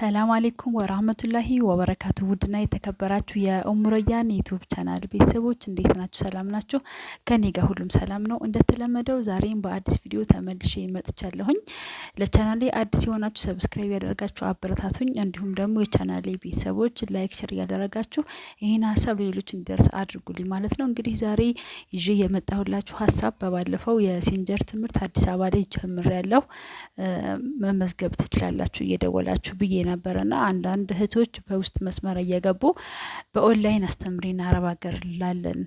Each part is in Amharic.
ሰላም አሌይኩም ወራህመቱላሂ ወበረካቱ። ውድና የተከበራችሁ የኡሙረያን ዩቱብ ቻናል ቤተሰቦች እንዴት ናችሁ? ሰላም ናችሁ? ከኔ ጋር ሁሉም ሰላም ነው። እንደተለመደው ዛሬም በአዲስ ቪዲዮ ተመልሼ መጥቻለሁኝ። ለቻናሌ አዲስ የሆናችሁ ሰብስክራይብ ያደረጋችሁ አበረታቱኝ። እንዲሁም ደግሞ የቻናሌ ቤተሰቦች ላይክ፣ ሸር ያደረጋችሁ ይህን ሀሳብ ለሌሎች እንዲደርስ አድርጉልኝ ማለት ነው። እንግዲህ ዛሬ ይዤ የመጣሁላችሁ ሀሳብ በባለፈው የሲንጀር ትምህርት አዲስ አበባ ላይ ጀምሬያለሁ መመዝገብ ትችላላችሁ እየደወላችሁ ብዬ ነበር እና አንዳንድ እህቶች በውስጥ መስመር እየገቡ በኦንላይን አስተምሪን አረብ ሀገር ላለን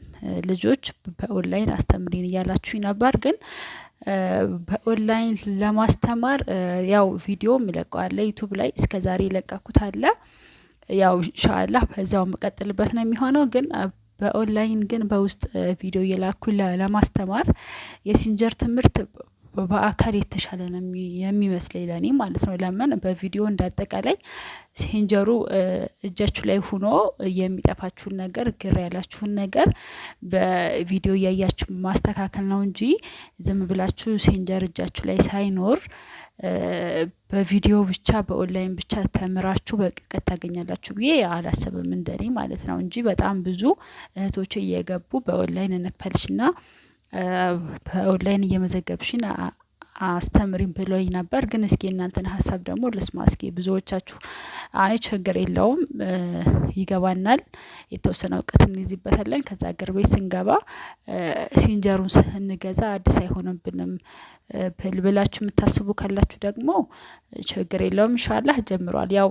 ልጆች በኦንላይን አስተምሪን እያላችሁ ነበር ግን በኦንላይን ለማስተማር ያው ቪዲዮ ይለቀዋለ ዩቱብ ላይ እስከዛሬ ይለቀኩት አለ። ያው ኢንሻአላህ በዛው የምቀጥልበት ነው የሚሆነው። ግን በኦንላይን ግን በውስጥ ቪዲዮ እየላኩ ለማስተማር የሲንጀር ትምህርት በአካል የተሻለ ነው የሚመስለኝ ለእኔ ማለት ነው። ለምን በቪዲዮ እንዳጠቃላይ ሴንጀሩ እጃችሁ ላይ ሆኖ የሚጠፋችሁን ነገር ግር ያላችሁን ነገር በቪዲዮ እያያችሁ ማስተካከል ነው እንጂ ዝም ብላችሁ ሴንጀር እጃችሁ ላይ ሳይኖር በቪዲዮ ብቻ በኦንላይን ብቻ ተምራችሁ በቅቀት ታገኛላችሁ ብዬ አላሰብም እንደኔ ማለት ነው እንጂ በጣም ብዙ እህቶች እየገቡ በኦንላይን እንክፈልሽና በኦንላይን እየመዘገብሽን አስተምሪም ብሎኝ ነበር። ግን እስኪ እናንተን ሀሳብ ደግሞ ልስማ። እስኪ ብዙዎቻችሁ አይ ችግር የለውም ይገባናል፣ የተወሰነ እውቀት እንይዝበታለን። ከዛ አገር ቤት ስንገባ ሲንጀሩን ስንገዛ አዲስ አይሆንብንም ብልብላችሁ የምታስቡ ካላችሁ ደግሞ ችግር የለውም። ኢንሻላህ ጀምሯል ያው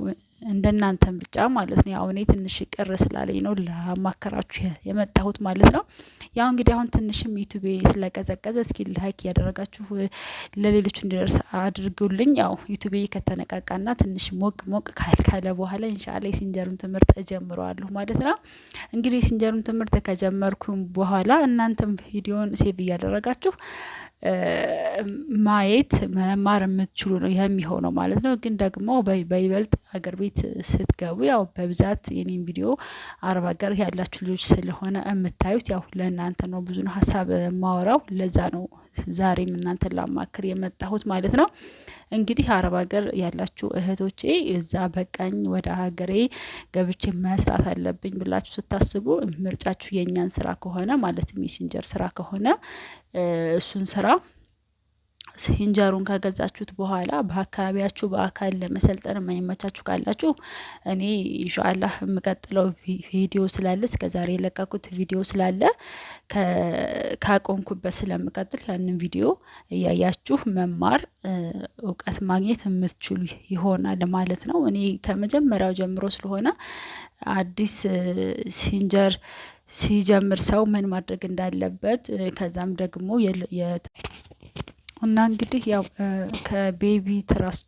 እንደናንተን ብቻ ማለት ነው። ያው እኔ ትንሽ ቅር ስላለኝ ነው ላማከራችሁ የመጣሁት ማለት ነው። ያው እንግዲህ አሁን ትንሽም ዩቱቤ ስለቀዘቀዘ እስኪ ላይክ እያደረጋችሁ ለሌሎቹ እንዲደርስ አድርጉልኝ። ያው ዩቱቤ ከተነቃቃና ትንሽ ሞቅ ሞቅ ካልካለ በኋላ ኢንሻአላ የሲንጀሩን ትምህርት እጀምረዋለሁ ማለት ነው። እንግዲህ የሲንጀሩን ትምህርት ከጀመርኩም በኋላ እናንተም ቪዲዮን ሴቭ እያደረጋችሁ ማየት መማር የምትችሉ ነው የሚሆነው ማለት ነው። ግን ደግሞ በይበልጥ ሀገር ቤት ስትገቡ ያው በብዛት የኔን ቪዲዮ አረብ ሀገር ያላችሁ ልጆች ስለሆነ የምታዩት ያው ለእናንተ ነው ብዙ ሀሳብ የማወራው ለዛ ነው ዛሬም እናንተን ላማክር የመጣሁት ማለት ነው። እንግዲህ አረብ ሀገር ያላችሁ እህቶቼ እዛ በቃኝ ወደ ሀገሬ ገብቼ መስራት አለብኝ ብላችሁ ስታስቡ ምርጫችሁ የእኛን ስራ ከሆነ ማለት ሜሴንጀር ስራ ከሆነ እሱን ስራ ሂንጀሩን ከገዛችሁት በኋላ በአካባቢያችሁ በአካል ለመሰልጠን የማይመቻችሁ ካላችሁ እኔ ኢንሻአላህ የምቀጥለው ቪዲዮ ስላለ እስከዛሬ የለቀቁት ቪዲዮ ስላለ ካቆምኩበት ስለምቀጥል ያንን ቪዲዮ እያያችሁ መማር እውቀት ማግኘት የምትችሉ ይሆናል ማለት ነው። እኔ ከመጀመሪያው ጀምሮ ስለሆነ አዲስ ሲንጀር ሲጀምር ሰው ምን ማድረግ እንዳለበት ከዛም ደግሞ እና እንግዲህ ያው ከቤቢ ትራስ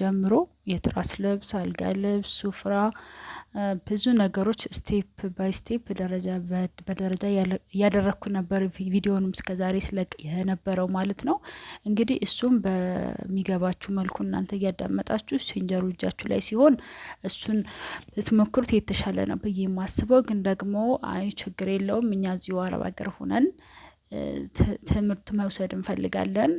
ጀምሮ የትራስ ልብስ፣ አልጋ ልብስ፣ ሱፍራ ብዙ ነገሮች ስቴፕ ባይ ስቴፕ ደረጃ በደረጃ እያደረግኩ ነበር። ቪዲዮንም እስከዛሬ ስለቅ የነበረው ማለት ነው። እንግዲህ እሱም በሚገባችሁ መልኩ እናንተ እያዳመጣችሁ ሲንጀሩ እጃችሁ ላይ ሲሆን እሱን ብትሞክሩት የተሻለ ነው ብዬ የማስበው። ግን ደግሞ አይ ችግር የለውም እኛ እዚሁ አረብ ሀገር ትምህርት መውሰድ እንፈልጋለን።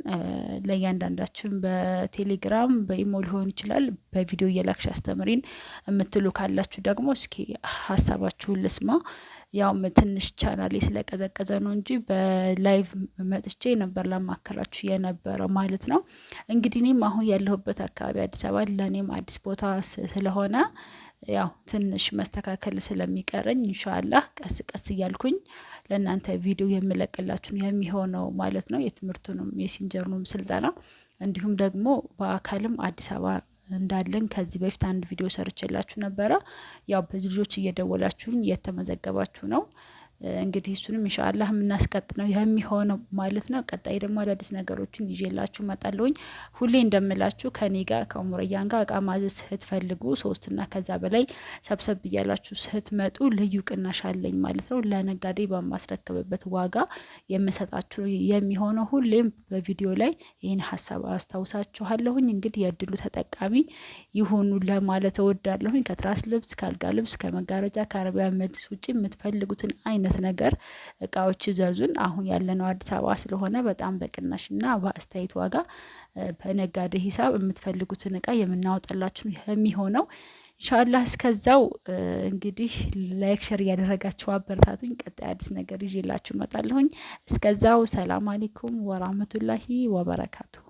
ለእያንዳንዳችን በቴሌግራም በኢሞ ሊሆን ይችላል በቪዲዮ እየላክሽ አስተምሪን የምትሉ ካላችሁ ደግሞ እስኪ ሀሳባችሁን ልስማ። ያውም ትንሽ ቻናሌ ስለቀዘቀዘ ነው እንጂ በላይቭ መጥቼ ነበር ላማከራችሁ የነበረ ማለት ነው። እንግዲህ እኔም አሁን ያለሁበት አካባቢ አዲስ አበባ ለእኔም አዲስ ቦታ ስለሆነ ያው ትንሽ መስተካከል ስለሚቀረኝ ኢንሻአላህ ቀስ ቀስ እያልኩኝ ለእናንተ ቪዲዮ የምለቅላችሁን የሚሆነው ማለት ነው። የትምህርቱንም የሲንጀሩንም ስልጠና እንዲሁም ደግሞ በአካልም አዲስ አበባ እንዳለን ከዚህ በፊት አንድ ቪዲዮ ሰርቼላችሁ ነበረ። ያው ብዙ ልጆች እየደወላችሁን እየተመዘገባችሁ ነው። እንግዲህ እሱንም እንሻአላህ የምናስቀጥ ነው የሚሆነው ማለት ነው። ቀጣይ ደግሞ አዳዲስ ነገሮችን ይዤላችሁ መጣለውኝ። ሁሌ እንደምላችሁ ከኔ ጋር ከሙረያን ጋር እቃ ማዘዝ ስትፈልጉ ሶስትና ከዛ በላይ ሰብሰብ እያላችሁ ስትመጡ ልዩ ቅናሽ አለኝ ማለት ነው። ለነጋዴ በማስረክብበት ዋጋ የምሰጣችሁ የሚሆነው ሁሌም በቪዲዮ ላይ ይህን ሀሳብ አስታውሳችኋለሁኝ። እንግዲህ የእድሉ ተጠቃሚ ይሆኑ ለማለት እወዳለሁኝ። ከትራስ ልብስ፣ ከአልጋ ልብስ፣ ከመጋረጃ፣ ከአረቢያ መድስ ውጭ የምትፈልጉትን አይነት አይነት ነገር እቃዎች እዘዙን። አሁን ያለነው አዲስ አበባ ስለሆነ በጣም በቅናሽና በአስተያየት ዋጋ በነጋዴ ሂሳብ የምትፈልጉትን እቃ የምናወጣላችሁ የሚሆነው ኢንሻላህ። እስከዛው እንግዲህ ላይክ፣ ሸር እያደረጋችሁ አበረታቱኝ። ቀጣይ አዲስ ነገር ይዤላችሁ እመጣለሁኝ። እስከዛው ሰላም አሌይኩም ወራህመቱላሂ ወበረካቱ።